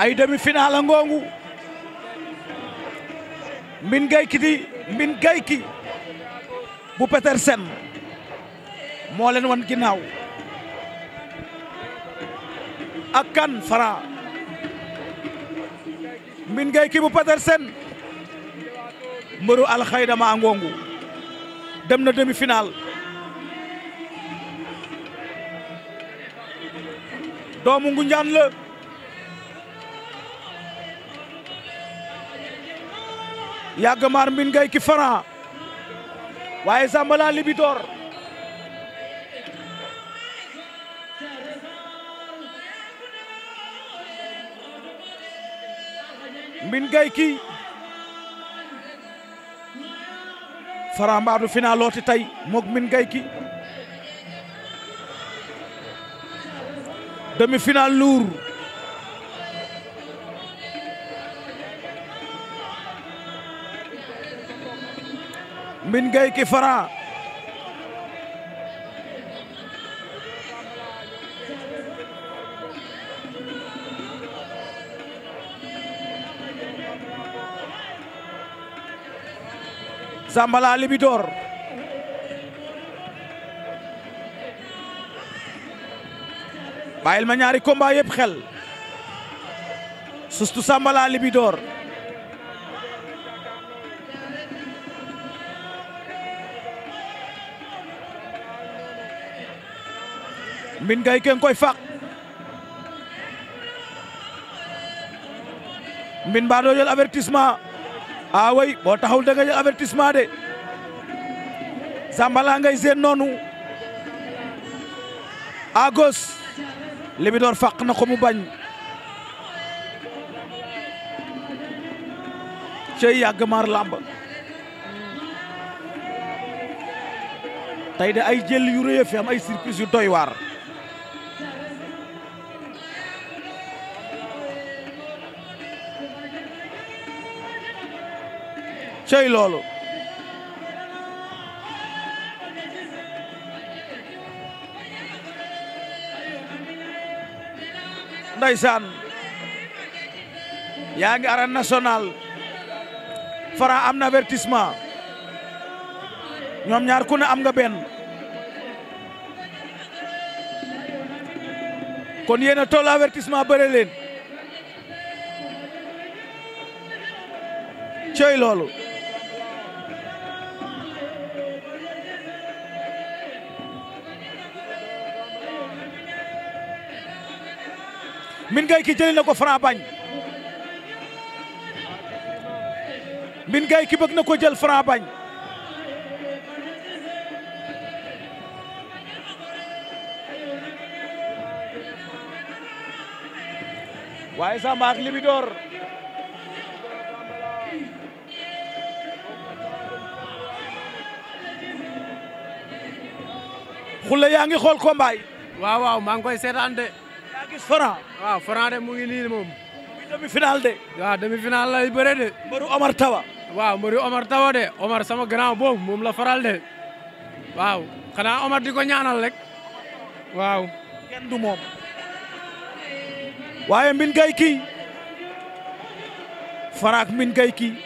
ay demi-finale a mbin gayki mbin gayki bu Petersen moo leen wan ginnaaw ak kan Franc mbin gayki bu Petersen mbëru alxayda ma dem na demi-finale doomu ngu njaan la yagamaar mbin ngay ki waaye Zambala Libidor mbin ngay ki Franc mbaadu tey moog mbin ngay ki demi final min gay ki fara Zambala Libidor ma ñaari combat yëpp xel sustu Zambala Libidor Mbine Gay ke koy faq Mbine mbaa doo jël avertissement ah way boo taxawul da jël avertissement de Zambala ngay séen noonu Agos Libidor faq na ko mu bañ cey yàgg maar làmb tey de ay jël yu rëy fi am ay surprise yu doy waar cey loolu ndaysaan yaa ngi arène nationale Franc am na avertissement ñoom ñaar ku ne am nga benn kon yéen a toll avertissement leen cey loolu Mbine Gayki jëli na ko Franc bañ Mbine Gayki bëgg na ko jël Franc bañ waaye Samba ak Libidor xulle yaa ngi xool combat yi waaw waaw maa ngi koy seetaan de gis Franc. waaw Franc de mu ngi moom. demi final de. waaw demi final lay bëre de. mbaru Omar Tawa. waaw mbaru Omar Tawa de Omar sama grand boobu moom la faral de waaw xanaa Omar di ñaanal rek waaw. kenn moom. waaye mbin kay kii. mbin kay kii.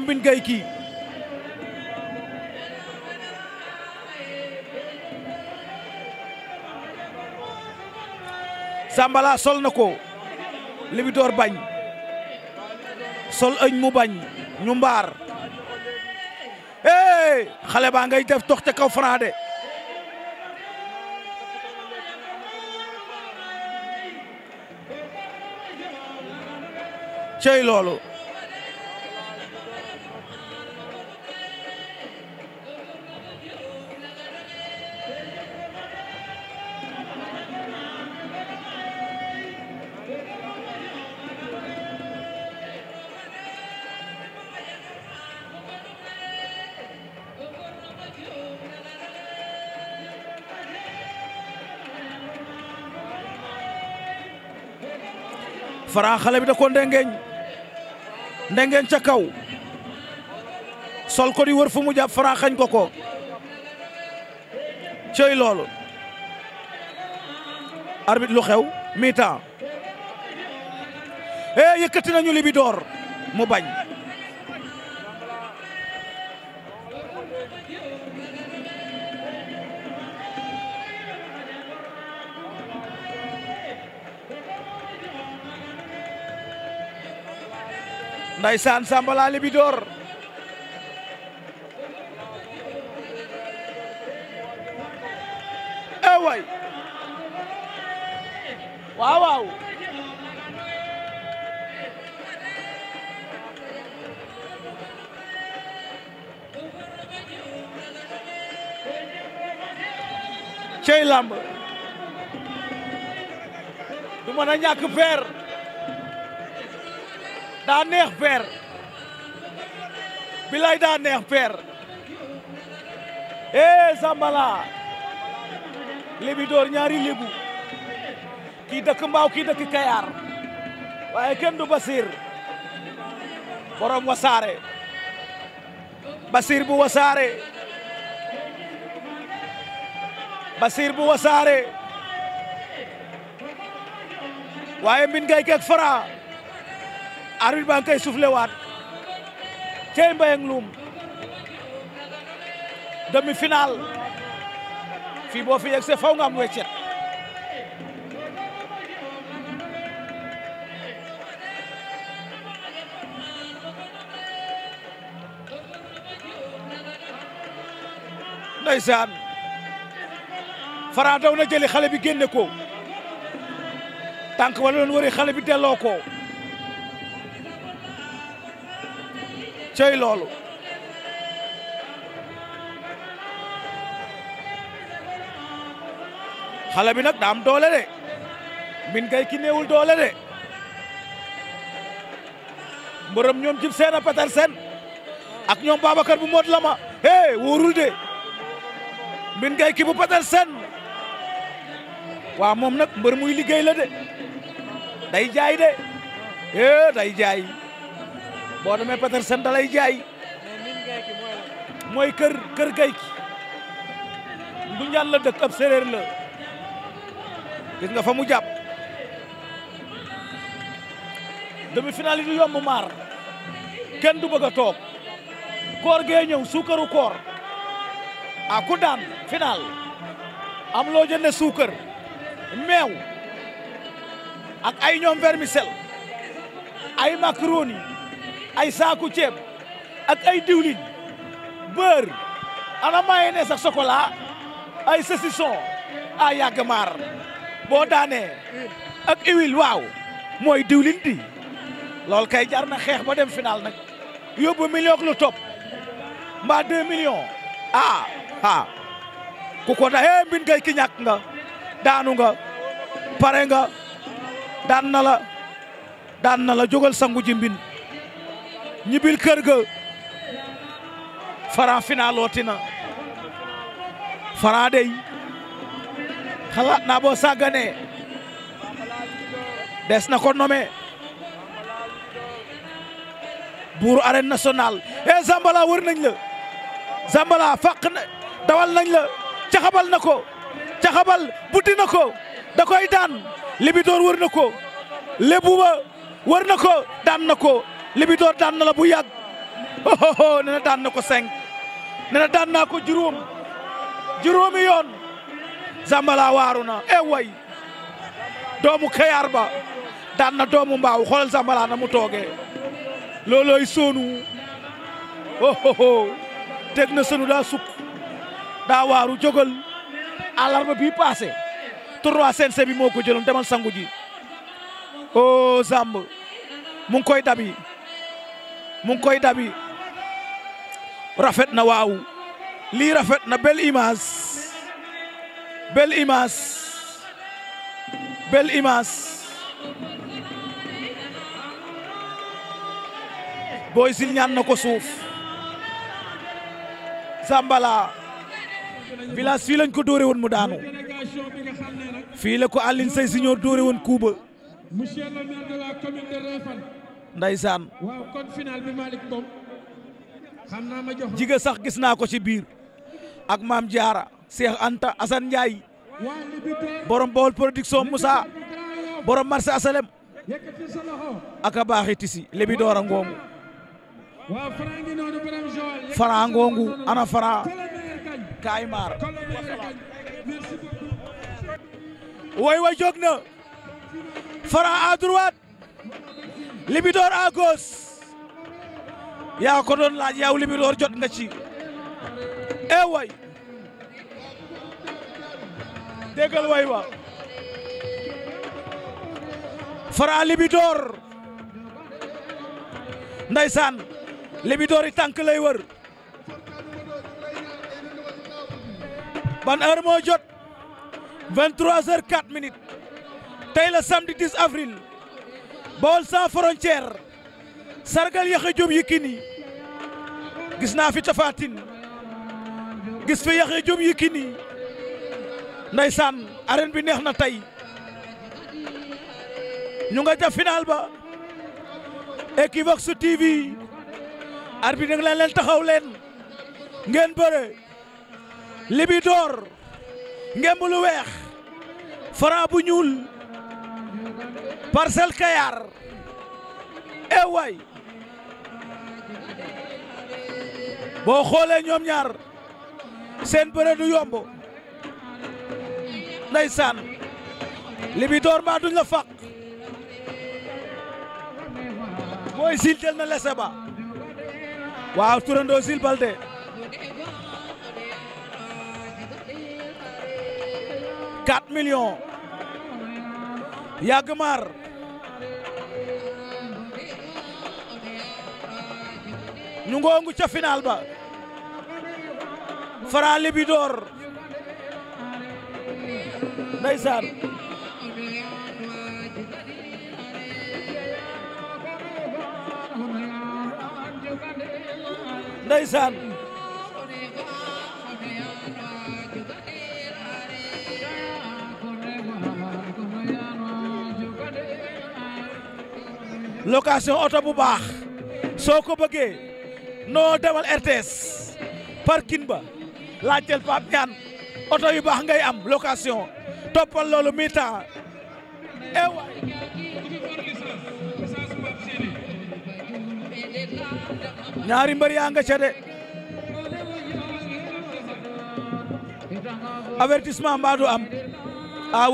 mbin kay Sambala sol na ko Libidor bañ sol ëñ mu bañ ñu mbaar eh xale baa ngay def dox ca kaw Franc de loolu Franc xale bi da ko ndengeeñ ndengeeñ ca kaw sol ko di wër fu mu jàpp Franc xañ ko ko cëy loolu arbitre lu xew mi-temps eh yëkkati nañu libidoor mu bañ ndaysaan Sambala Libidor eh waay waaw waaw cey lamb du mën a ñàkk peer daa neex peer bilay daa neex peer ee eh, Zambala lébi door ñaari lébu kii dëkk mbaaw kii dëkk kayaar waaye kenn du Basir borom wasaare Basir bu wasaare Basir bu wasaare waaye mbin ngay fara arbitre baa ngi koy soufflé waat cey Mbaye ak Loum demi final fii boo fi yegsee faw nga am weccet ndeysaan Fara daw na jëli xale bi génne ko tànk wala doon xale bi delloo ko cey loolu xale bi nag daam doole de min kay ki néewul doole de mbërëm ñoom jib seen a peter seen ak ñoom Babacar bu mod la ma hee wóorul de min kay ki bu peter seen waa moom nag mbër muy liggéey la de day jaay de hee eh, day jaay boo demee Petersen da lay mooy kër kër gay ki Ngunjaan la dëkk ab séeréer la gis nga fa mu jàpp demi-finale yi du yomb maar kenn du bëgg a toog koor gee ñëw suukaru koor a ku am loo jënde suukar meew ak ay ñoom vermicelle ay macaroni ay saaku ceeb ak ay diwlin beurre ana mayonnaise ak chocolat ay saucisson a yàgg maar boo daanee ak huile waaw mooy diwlin di lool kay jar na xeex ba dem final nag yóbbu million ak lu topp mbaa deux millions ah ah ku ko eh, mbin ngay ñàkk nga daanu nga pare nga daan nala daan na la jógal sangu ji mbin ñibbil kër ga Fara finaalooti na Fara dey xalaat naa boo sàgganee des na ko nommé buuru arène nationale e Zambala wër nañ la Zambala fàq dawal nañ la caxabal na ko caxabal buti na ko da koy daan Libidoor wër na ko Lebuba wër na ko daan na ko Libidor daan na la bu yàgg oh, oh, oh nee ko cinq nee na naa ko juróom juróomi yoon Zambala waaru na eh way doomu Kayar ba daan na doomu mbaaw xoolal Zambala na mu tooge loolooy sonu oh, oh na sonu daa sukk daa waaru jógal alarba bii paase trois CNC moo ko jëloon demal sangu ji oh Zamb koy dabi. mu koy dabi rafet na waaw lii rafet na belle image belle image belle image Boy Sil ñaan na ko suuf Zambala village fii lañ ko dóore woon mu daanu fii la ko Aline Sey si ñoo woon Kuuba ndeysaan waaw kon final bi xam naa ma jox jigéen sax gis naa ko ci biir ak maam Diarra Cheikh Anta Assane Ndiaye borom Bawol production Moussa borom marché asalem ak a baaxi ngoomu fara ana fara kaay way wa jóg na fara à Libidor à yaa ko doon laaj yaw Libidor jot nga ci e eh way way wa Fara Libidor ndeysaan Libidor yi tànk lay wër ban heure moo jot 23 tey la samedi 10 avril Baol sans frontière sargal Yaxya Jóob Yékini gis naa fi Tapha Tine gis fi Yaxya Jóob Yékini ndeysaan arène bi neex na tey ñu nga ja final ba Equivox TV arbitre nag leen leen taxaw leen ngeen bëre Libidor ngemb lu weex Franc bu ñuul Parcelles Kayar e boo xoolee ñoom ñaar seen bëre du yomb ndeysaan Libidor mbaa duñ la faq Boy Sil na lese ba waaw turandoo Sil Baldé quatre millions yàgg maar ñu ngoongu ca final ba Franc Libidor ndeysaan ndeysaan location oto bu baax soo ko bëggee noo demal RTS parking ba laajteel Pape Niane oto yu baax ngay am location toppal loolu mi temps ewa ñaari mbër yaa nga ca de avertissement mbaa am a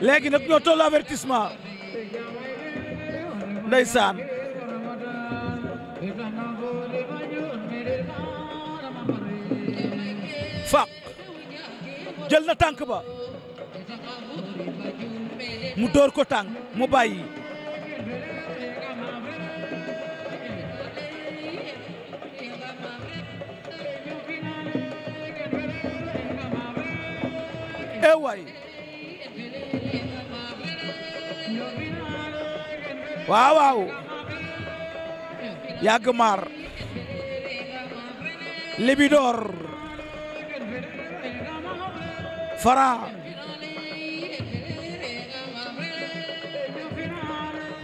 léegi nag ñoo toll avertissement ndeysaan faq jël na tànk ba mu dóor ko tànk mu bàyyi ewaay eh waaw waaw yàgg maar libidoor fara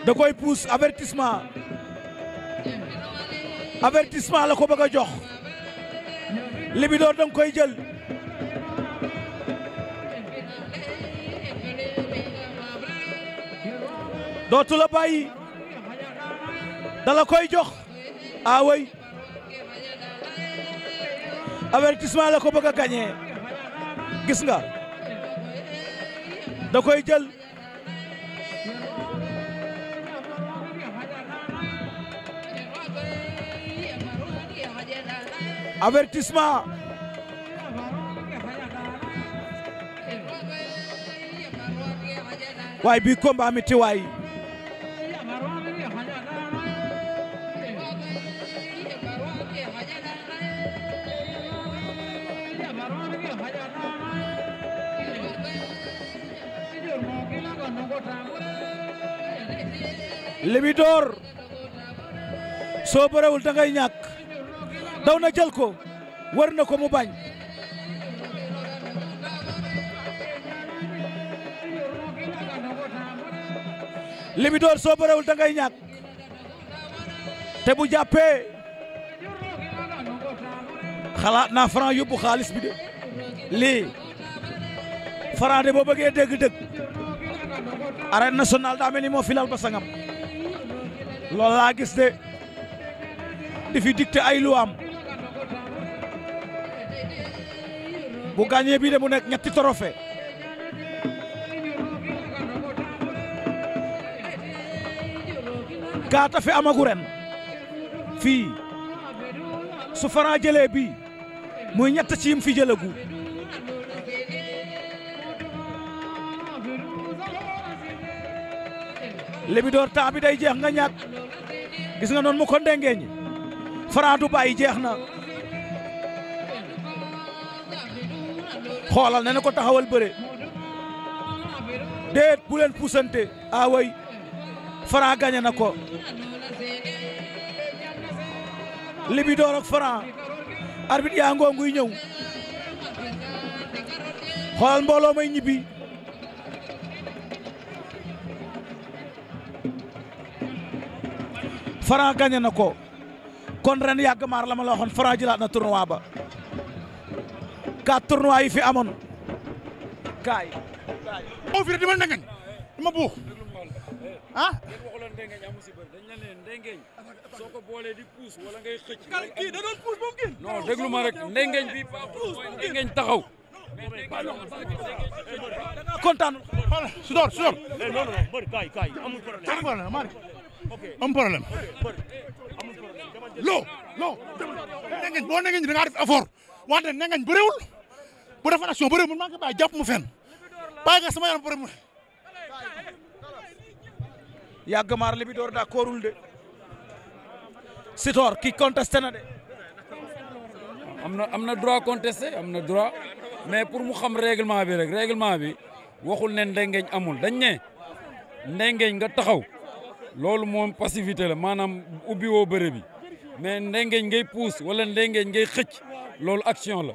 da koy puus avertissement avertissement la ko bëgg a jox libidoor da koy jël dootu la bàyyi dala koy jox away ah avertissement la ko bëgg a gis nga da koy jël avertissement waay bi combat mi ti waay Libidor soo bërewul da ngay ñàkk daw na jël ko war na ko mu limi Libidor soo bërewul da ngay ñàkk te bu jàppee xalaat naa Franc yóbbu xaalis bi de lii Franc de boo bëggee dégg-dégg arène nationale daa ni moo filal ba sangam loolu laa gis de di fi dicté ay luwaam bu gagné bi de mu nekk ñetti trophée gaata fi amagu ren fii su Franc jëlee bi muy ñett ci yim fi jëlagu Libidor temps bi day jeex nga ñàkk gis nga noonu mu ko ndengeeñ Franc du bàyyi jeex na xoolal ne ko taxawal bëre déet bu leen puusante away Franc gañe na ko Libidor ak Franc arbitre yaa ngoo nguy ñëw xoolal mbooloo may ñibbi Franc gagné na ko kon ren yàgg maar la ma la waxoon Franc jëlaat na tournoi ba quatre tournois yi fi amoon kaay. moo fi dama ndengeñ dama buux ah. rek ndengeñ bi baaxul mooy ndengeñ taxaw. kontaan. su eh, door am problème loo loo nengeñ boo nengeñ da ngaa def effort wante nengeñ bëriwul bu defoon action bëriwul man maa ngi koy jàpp mu fenn bàyyi nga sama yaram bëri mu yàgg maar li bi door d'accordul de Sitor ki contesté na de am na am na droit contesté am na droit mais pour mu xam règlement bi rek règlement bi waxul ne ndengeñ amul dañ ne ndengeñ nga taxaw loolu moom passivité la maanaam ubbi woo bëre bi mais ndengeñ ngay puus walla ndengeñ ngay xëcc loolu action la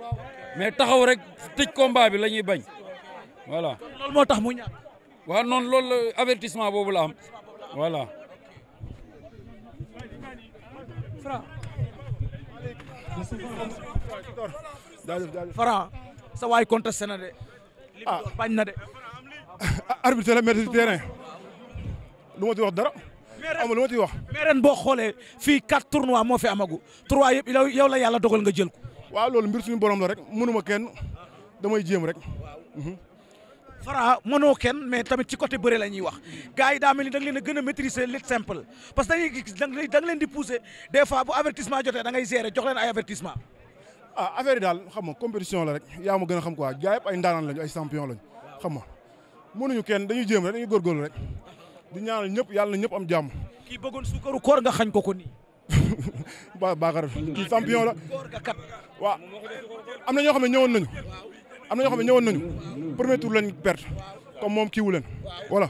mais taxaw rek tëj combat bi la ñuy bañ voilà. loolu moo tax mu ñàkk. waaw noonu loolu avertissement boobu la am voilà. Franc sa waay contesté na de. Ah. na de. arbitre la maître du terrain lu wax dara. amul lu ma ciy wax. mais ren boo xoolee fii quatre tournois moo fi amagu trois yëpp yow la yàlla dogal nga jël ko. waaw loolu mbir suñu borom la rek mënuma kenn damay jéem rek. Mhm. Fara mënoo kenn mais tamit ci côté bëre la ñuy wax gars yi daa mel ni da leen gën a maîtriser lutte simple parce que da ngay gis leen di pousser des fois bu avertissement jotee da ngay gérer jox leen ay avertissement. ah affaire daal xam ma compétition la rek yaa ma gën a xam quoi gars yëpp ay ndaanaan lañu ay champion lañu xam nga mënuñu kenn dañuy jéem rek dañuy góorgóorlu rek. di ñaanal ñëpp yàlla na ñëpp am jàmm. kii bëggoon suukaru koor nga xañ ko ko nii. ba Bakar kii champion la waaw am na ñoo xam ne ñëwoon nañu am na ñoo xam ñëwoon nañu premier tour lañ perte comme moom kii wu leen voilà.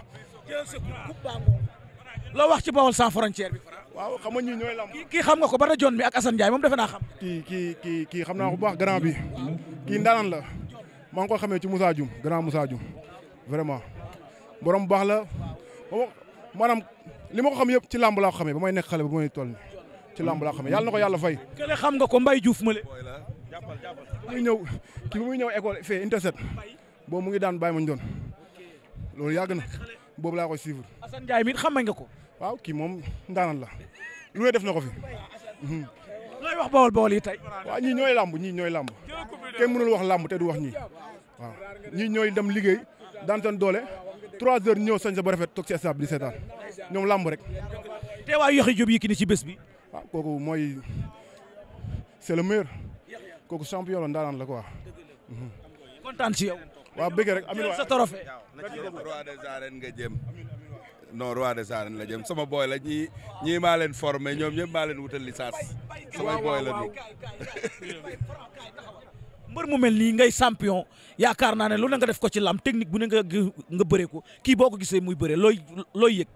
loo wax ci Bawol sans frontière bi. waaw xam nga ñii ñooy lamb. kii xam nga ko ba rajoon bi ak Assane Ndiaye moom defe naa xam. kii kii kii kii xam naa ko bu baax grand bi kii ndaanaan la maa ngi xamee ci Moussa Dioum grand Moussa Dioum vraiment borom baax la. maanaam li ma ko xam yëpp ci làmb laa ko xamee ba may nekk xale ba may toll ni ci làmb laa ko xamee yàlla ko yàlla fay. kële xam nga ko Mbaye Diouf ma le. jàppal jàppal muy ñëw kii bi muy ñëw école fee interset boobu mu ngi daan bàyyi ma doon loolu yàgg na boobu laa koy suivre. Assane Ndiaye mi nga ko. waaw kii moom ndaanaan la lu ne def na ko fi. Hmm. looy wax bawol bawol yi tey. waaw ñii ñooy làmb ñii ñooy lamb kenn mënul wax làmb te du wax ñii waaw ñii ñooy dem liggéey daan doole. trois heures ñëw sañ sa ba rafet toog si stade bi di seetaan ñoom làmb rek. te waa Yaxya Jóob Yékini ci bés bi. waaw ah, kooku mooy c'est le meilleur kooku champion la ndaanaan la quoi. Mhm. kontaan ci yow. waaw bëgg rek amiin waay sa trophée. roi des nga jëm. non roi des la jëm sama booy la ñii ñii maa leen formé ñoom ñëpp maa leen wutal licence samay booy la ñu. mbër mu mel nii ngay champion yaakaar naa ne loolu nga def ko ci lam technique bu ne nga nga bëree ko kii boo ko gisee muy bëree looy looy yëg.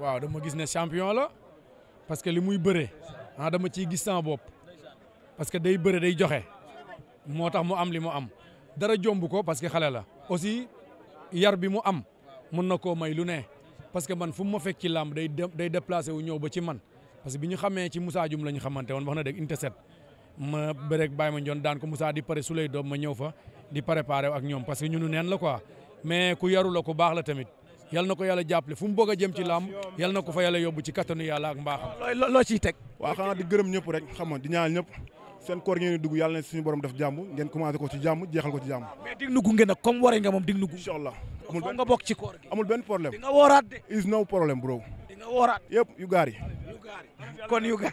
waaw dama gis ne champion la parce que li muy bëree ah dama ciy gis sama bopp parce que day bëre day joxe moo tax mu am li mu am dara jomb ko parce que xale la aussi yar bi mu am mën na koo may lu ne parce que man fu ma fekk ci làmb day day déplacé wu ñëw ba ci man parce que bi ñu xamee ci Moussa Dioum la ñu xamante woon wax na dëgg inte ma bëreeg Baye ma Ndione daan ko Moussa di pare su doom ma ñëw fa di préparé ak ñoom parce que ñunu neen la quoi mais ku yaru la ku baax la tamit yal na ko yàlla jàppale fu mu bëgg a jëm ci làmb yal na ko fa yàlla yóbbu ci kattanu yàlla ak mbaaxam. loo loo ciy teg. waaw xanaa di gërëm ñëpp rek xam na di ñaanal ñëpp seen koor ngeen di dugg yàlla na suñu borom def jàmm ngeen commencé ko ci jàmm jeexal ko ci jàmm. mais dig nu nag comme waree nga moom dig nu gunge. incha allah amul benn nga bokk ci koor gi.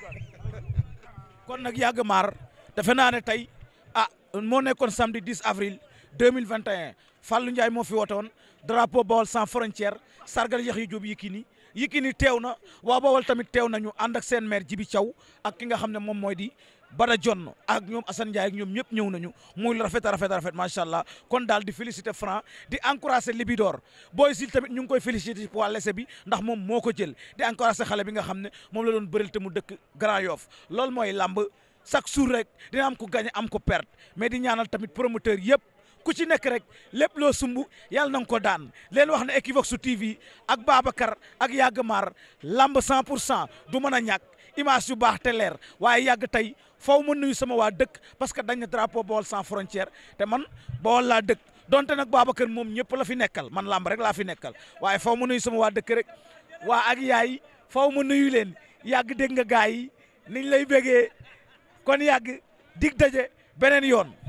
kon nag yàgg mar defe naa ne tey ah moo nekkoon samedi 10 avril 2021 Fallou Ndiaye moo fi woote woon drapeau Baol sans frontière sargal Yaxya Jóob Yékini Yékini teew na waa Baol tamit teew nañu ànd ak seen maire Jibi Thiaw ak ki nga xam ne moom mooy di Bada John ak ñoom Assane Ndiaye ak ñoom ñëpp ñëw nañu muy rafet a rafet a rafet macha allah kon daal di féliciter Franc di encourager Libidor booy Sil tamit ñu ngi koy féliciter ci poids léger bi ndax moom moo jël di encourager xale bi nga xam ne moom la doon bëril te mu dëkk Grand Yoff loolu mooy lamb chaque jour rek dina am ko gagné am ko perte mais di ñaanal tamit promoteur yëpp. ku ci nekk rek lépp loo sumb yàlla na ko daan leen wax ne Equivox su TV ak Babacar ak Yagg Maar lamb 100 pour cent du mën a ñàkk image yu baax te leer waaye yàgg tey faw ma nuyu sama waa dëkk parce que dañ na drapeau Baol sans frontière te man Baol laa dëkk donte nag kën moom ñëpp la fi nekkal man làmb rek laa fi nekkal waaye faw ma nuyu sama waa dëkk rek waa ak yaay faw ma nuyu leen yàgg dégg nga gaay yi niñ lay bégee kon yàgg dig daje beneen yoon.